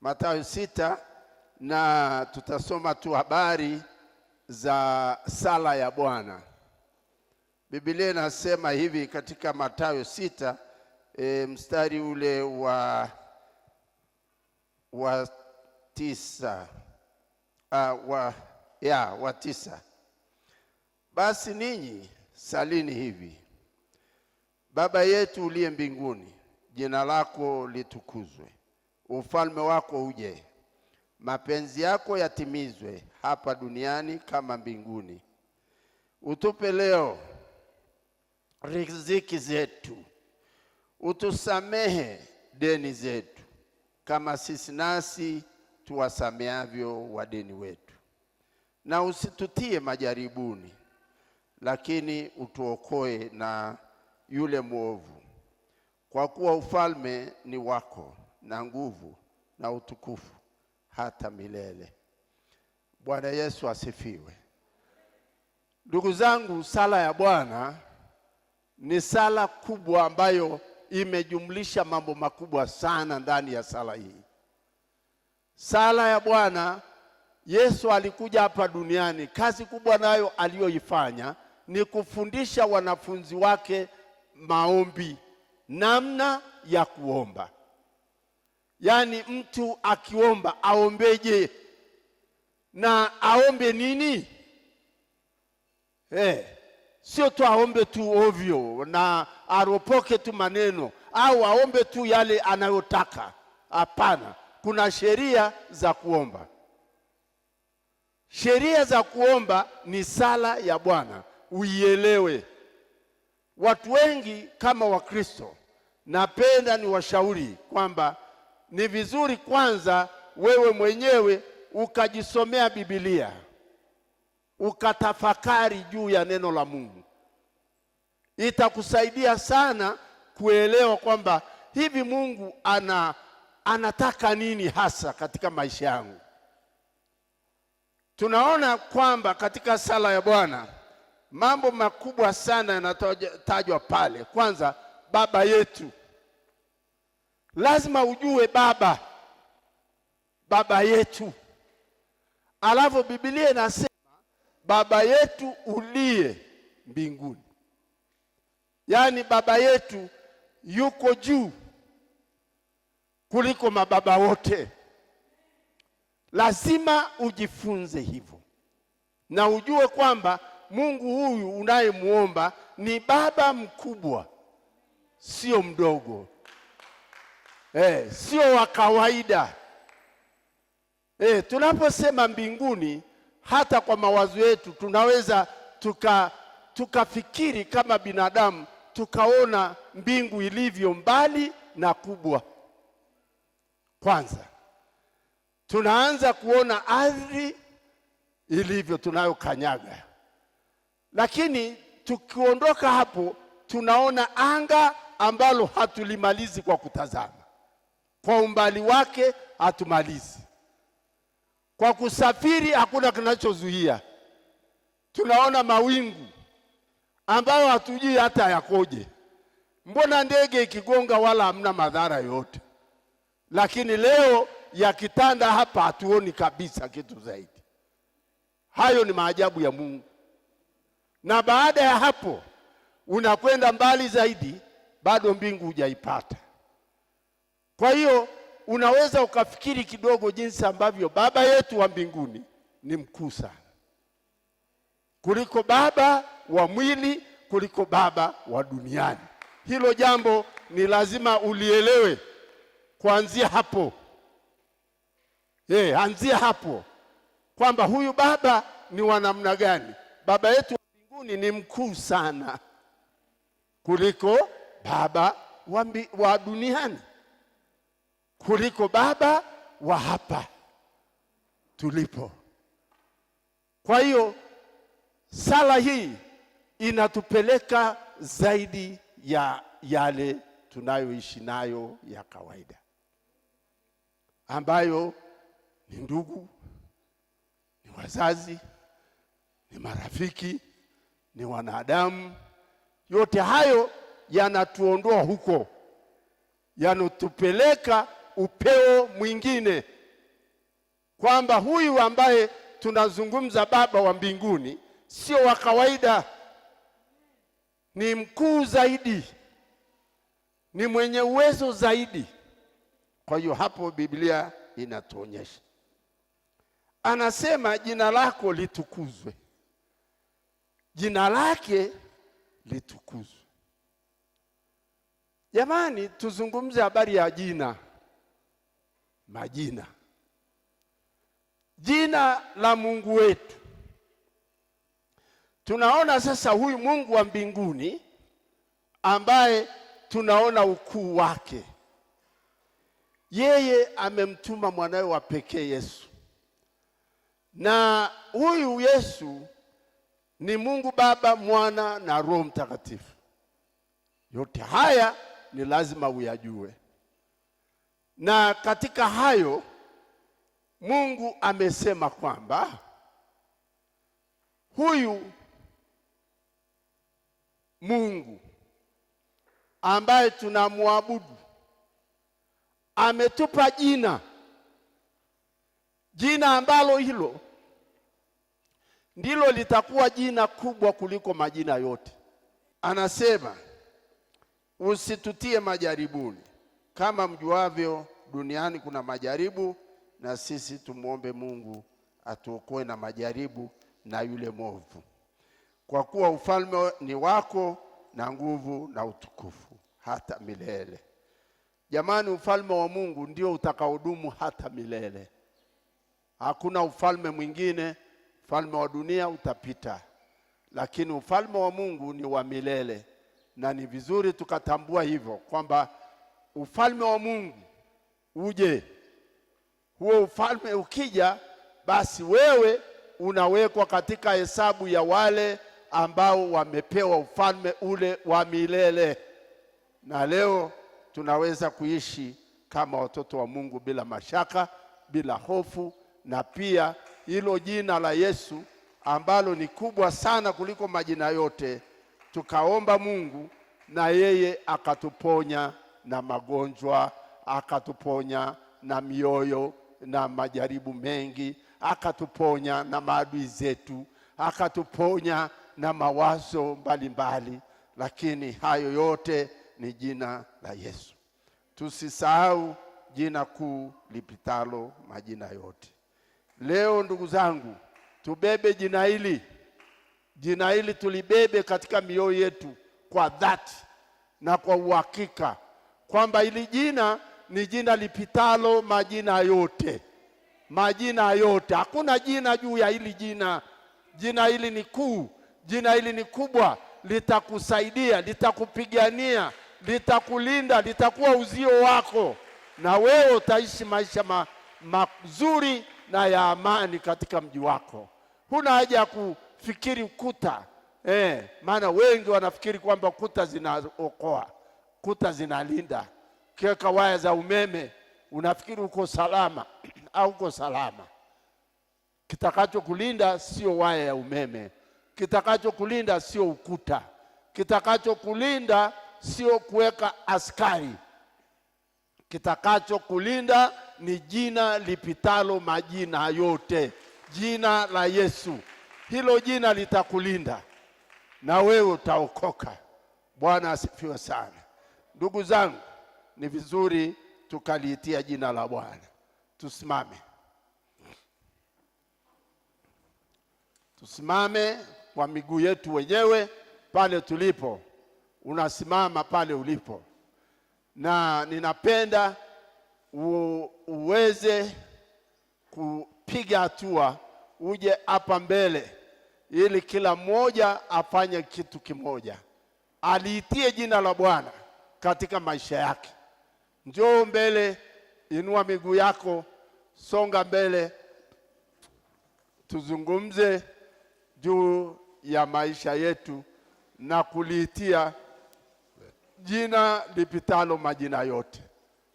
Mathayo sita na tutasoma tu habari za sala ya Bwana. Biblia inasema hivi katika Mathayo sita e, mstari ule wa, wa tisa a, wa, ya, wa tisa basi ninyi salini hivi: Baba yetu uliye mbinguni, jina lako litukuzwe ufalme wako uje, mapenzi yako yatimizwe hapa duniani kama mbinguni. Utupe leo riziki zetu, utusamehe deni zetu kama sisi nasi tuwasameavyo wadeni wetu, na usitutie majaribuni, lakini utuokoe na yule mwovu, kwa kuwa ufalme ni wako na nguvu na utukufu hata milele. Bwana Yesu asifiwe. Ndugu zangu, sala ya Bwana ni sala kubwa ambayo imejumlisha mambo makubwa sana ndani ya sala hii. Sala ya Bwana, Yesu alikuja hapa duniani, kazi kubwa nayo aliyoifanya ni kufundisha wanafunzi wake maombi, namna ya kuomba yaani mtu akiomba aombeje na aombe nini? Eh, sio tu aombe tu ovyo na aropoke tu maneno au aombe tu yale anayotaka. Hapana, kuna sheria za kuomba. Sheria za kuomba ni sala ya Bwana, uielewe. Watu wengi kama Wakristo, napenda niwashauri kwamba ni vizuri kwanza wewe mwenyewe ukajisomea Biblia ukatafakari juu ya neno la Mungu. Itakusaidia sana kuelewa kwamba hivi Mungu ana anataka nini hasa katika maisha yangu. Tunaona kwamba katika sala ya Bwana mambo makubwa sana yanatajwa pale. Kwanza, Baba yetu lazima ujue baba baba yetu, alafu Biblia inasema baba yetu uliye mbinguni, yaani baba yetu yuko juu kuliko mababa wote. Lazima ujifunze hivyo na ujue kwamba Mungu huyu unayemwomba ni baba mkubwa, sio mdogo eh, sio wa kawaida eh. Tunaposema mbinguni, hata kwa mawazo yetu tunaweza tuka tukafikiri kama binadamu tukaona mbingu ilivyo mbali na kubwa. Kwanza tunaanza kuona ardhi ilivyo tunayokanyaga, lakini tukiondoka hapo tunaona anga ambalo hatulimalizi kwa kutazama kwa umbali wake hatumalizi. Kwa kusafiri hakuna kinachozuia. Tunaona mawingu ambayo hatujui hata yakoje. Mbona ndege ikigonga wala hamna madhara yote, lakini leo yakitanda hapa hatuoni kabisa kitu zaidi. Hayo ni maajabu ya Mungu. Na baada ya hapo unakwenda mbali zaidi, bado mbingu hujaipata. Kwa hiyo unaweza ukafikiri kidogo jinsi ambavyo Baba yetu wa mbinguni ni mkuu sana kuliko baba wa mwili, kuliko baba wa duniani. Hilo jambo ni lazima ulielewe kuanzia hapo. Hey, eh, anzia hapo kwamba huyu baba ni wa namna gani. Baba yetu wa mbinguni ni mkuu sana kuliko baba wa, mbi, wa duniani kuliko baba wa hapa tulipo. Kwa hiyo sala hii inatupeleka zaidi ya yale tunayoishi nayo ya kawaida, ambayo ni ndugu, ni wazazi, ni marafiki, ni wanadamu. Yote hayo yanatuondoa huko, yanatupeleka upeo mwingine, kwamba huyu ambaye tunazungumza Baba wa mbinguni sio wa kawaida, ni mkuu zaidi, ni mwenye uwezo zaidi. Kwa hiyo hapo Biblia inatuonyesha, anasema jina lako litukuzwe, jina lake litukuzwe. Jamani, tuzungumze habari ya jina majina. Jina la Mungu wetu, tunaona sasa huyu Mungu wa mbinguni ambaye tunaona ukuu wake, yeye amemtuma mwanawe wa pekee Yesu, na huyu Yesu ni Mungu Baba, Mwana na Roho Mtakatifu. Yote haya ni lazima uyajue. Na katika hayo Mungu amesema kwamba huyu Mungu ambaye tunamwabudu ametupa jina, jina ambalo hilo ndilo litakuwa jina kubwa kuliko majina yote. Anasema usitutie majaribuni kama mjuavyo, duniani kuna majaribu, na sisi tumwombe Mungu atuokoe na majaribu na yule mwovu, kwa kuwa ufalme ni wako na nguvu na utukufu hata milele. Jamani, ufalme wa Mungu ndio utakaodumu hata milele. Hakuna ufalme mwingine. Ufalme wa dunia utapita, lakini ufalme wa Mungu ni wa milele, na ni vizuri tukatambua hivyo kwamba ufalme wa Mungu uje. Huo ufalme ukija, basi wewe unawekwa katika hesabu ya wale ambao wamepewa ufalme ule wa milele. Na leo tunaweza kuishi kama watoto wa Mungu bila mashaka, bila hofu, na pia hilo jina la Yesu ambalo ni kubwa sana kuliko majina yote, tukaomba Mungu na yeye akatuponya na magonjwa, akatuponya na mioyo na majaribu mengi, akatuponya na maadui zetu, akatuponya na mawazo mbalimbali, lakini hayo yote ni jina la Yesu. Tusisahau jina kuu lipitalo majina yote. Leo ndugu zangu, tubebe jina hili. Jina hili tulibebe katika mioyo yetu kwa dhati na kwa uhakika kwamba hili jina ni jina lipitalo majina yote, majina yote. Hakuna jina juu ya hili jina. Jina hili ni kuu, jina hili ni kubwa, litakusaidia, litakupigania, litakulinda, litakuwa uzio wako, na wewe utaishi maisha ma, mazuri na ya amani katika mji wako. Huna haja ya kufikiri ukuta eh, maana wengi wanafikiri kwamba kuta zinaokoa kuta zinalinda kiweka waya za umeme, unafikiri uko salama au uko salama? Kitakacho kulinda sio waya ya umeme, kitakacho kulinda sio ukuta, kitakacho kulinda sio kuweka askari, kitakacho kulinda ni jina lipitalo majina yote, jina la Yesu. Hilo jina litakulinda na wewe utaokoka. Bwana asifiwe sana. Ndugu zangu, ni vizuri tukaliitia jina la Bwana. Tusimame, tusimame kwa miguu yetu wenyewe pale tulipo. Unasimama pale ulipo, na ninapenda uweze kupiga hatua uje hapa mbele, ili kila mmoja afanye kitu kimoja, aliitie jina la Bwana katika maisha yake. Njoo mbele, inua miguu yako, songa mbele, tuzungumze juu ya maisha yetu na kuliitia jina lipitalo majina yote.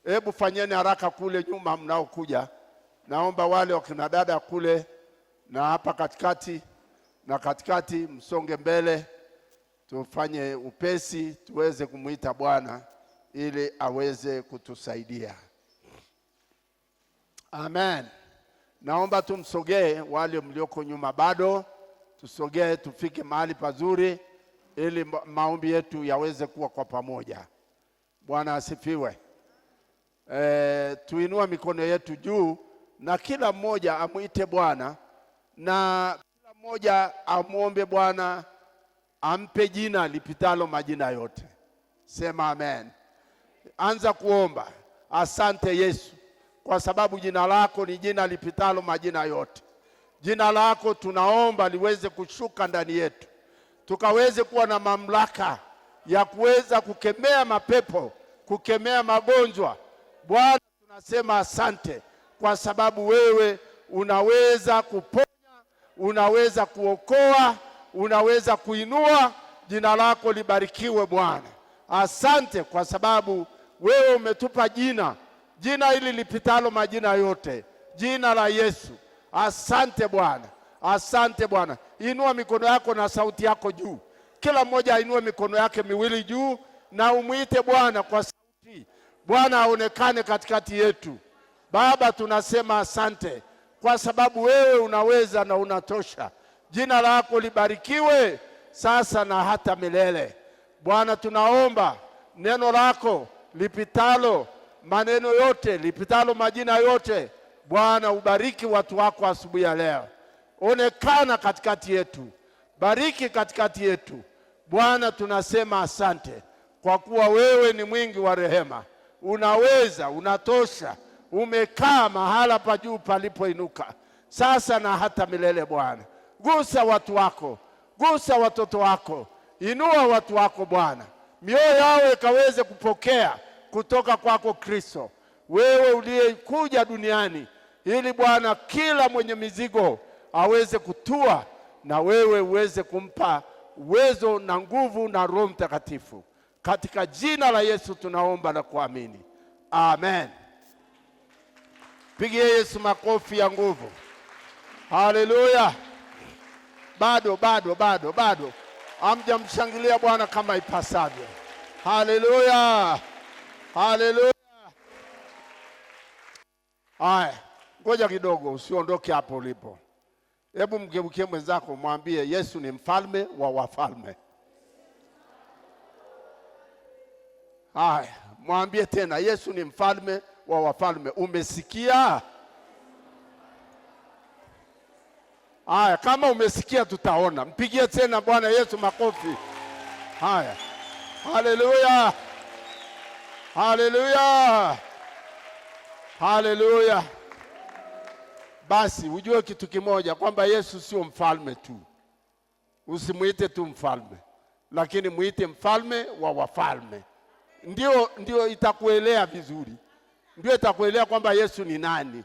Hebu fanyeni haraka kule nyuma mnaokuja, naomba wale wakina dada kule na hapa katikati na katikati, msonge mbele tufanye upesi tuweze kumwita Bwana ili aweze kutusaidia. Amen. Naomba tumsogee, wale mlioko nyuma bado tusogee, tufike mahali pazuri ili maombi yetu yaweze kuwa kwa pamoja. Bwana asifiwe. E, tuinua mikono yetu juu na kila mmoja amwite Bwana na kila mmoja amwombe Bwana ampe jina lipitalo majina yote. Sema amen. Anza kuomba. Asante Yesu, kwa sababu jina lako ni jina lipitalo majina yote. Jina lako tunaomba liweze kushuka ndani yetu, tukaweze kuwa na mamlaka ya kuweza kukemea mapepo, kukemea magonjwa. Bwana, tunasema asante kwa sababu wewe unaweza kuponya, unaweza kuokoa unaweza kuinua jina lako libarikiwe Bwana. Asante kwa sababu wewe umetupa jina, jina hili lipitalo majina yote, jina la Yesu. Asante Bwana, asante Bwana. Inua mikono yako na sauti yako juu, kila mmoja ainue mikono yake miwili juu na umwite Bwana kwa sauti. Bwana aonekane katikati yetu. Baba, tunasema asante kwa sababu wewe unaweza na unatosha jina lako libarikiwe sasa na hata milele. Bwana, tunaomba neno lako lipitalo maneno yote, lipitalo majina yote. Bwana, ubariki watu wako asubuhi ya leo, onekana katikati yetu, bariki katikati yetu. Bwana, tunasema asante kwa kuwa wewe ni mwingi wa rehema, unaweza, unatosha, umekaa mahala pa juu palipoinuka sasa na hata milele Bwana. Gusa watu wako, gusa watoto wako, inua watu wako Bwana, mioyo yao ikaweze kupokea kutoka kwako Kristo, wewe uliyekuja duniani ili Bwana kila mwenye mizigo aweze kutua na wewe uweze kumpa uwezo na nguvu na Roho Mtakatifu. Katika jina la Yesu tunaomba na kuamini, amen. Pigie Yesu makofi ya nguvu. Haleluya! bado bado bado bado hamjamshangilia Bwana kama ipasavyo. Haleluya, haleluya. Aya, ngoja kidogo, usiondoke hapo ulipo. Hebu mgeukie mwenzako, mwambie Yesu ni mfalme wa wafalme. Aya, mwambie tena, Yesu ni mfalme wa wafalme. Umesikia? Haya, kama umesikia tutaona. Mpigie tena Bwana Yesu makofi. Haya, haleluya, haleluya, haleluya. Basi ujue kitu kimoja kwamba Yesu sio mfalme tu. Usimwite tu mfalme, lakini mwite mfalme wa wafalme. Ndio, ndio itakuelea vizuri, ndio itakuelea kwamba Yesu ni nani,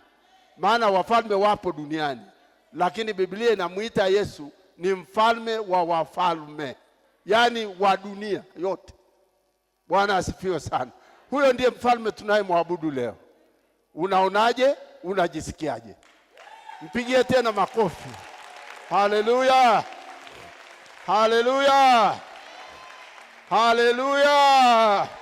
maana wafalme wapo duniani lakini Biblia inamwita Yesu ni mfalme wa wafalme, yaani wa dunia yote. Bwana asifiwe sana. Huyo ndiye mfalme tunayemwabudu leo. Unaonaje? Unajisikiaje? Mpigie tena makofi. Haleluya, haleluya, haleluya!